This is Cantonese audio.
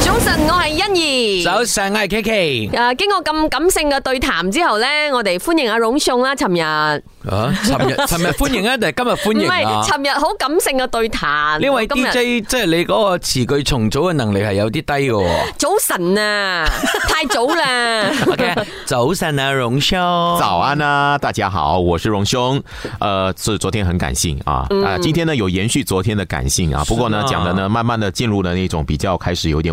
早晨，我係欣怡。早晨，我係 Kiki、啊。經過咁感性嘅對談之後呢，我哋歡迎阿、啊、榮兄啦。尋日啊，尋日，尋、啊、日，日歡迎啊，定係今日歡迎啊？唔係，尋日好感性嘅對談。呢位 DJ，即係你嗰個詞句重組嘅能力係有啲低嘅。早晨啊，太早啦。OK，早晨啊，榮兄。早安啊，大家好，我是榮兄。誒、呃，昨昨天很感性啊，啊，今天呢有延續昨天嘅感性啊，不過呢講嘅呢，慢慢地進入了那種比較開始有點。